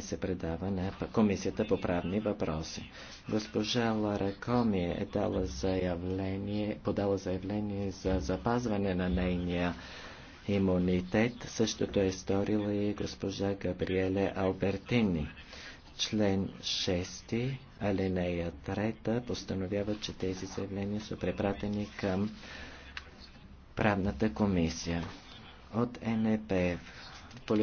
се предава на Комисията по правни въпроси. Госпожа Лара Коми е дала заявление, подала заявление за запазване на нейния имунитет. Същото е сторила и госпожа Габриеле Албертини. Член 6, алинея 3, постановява, че тези заявления са препратени към правната комисия. От НПФ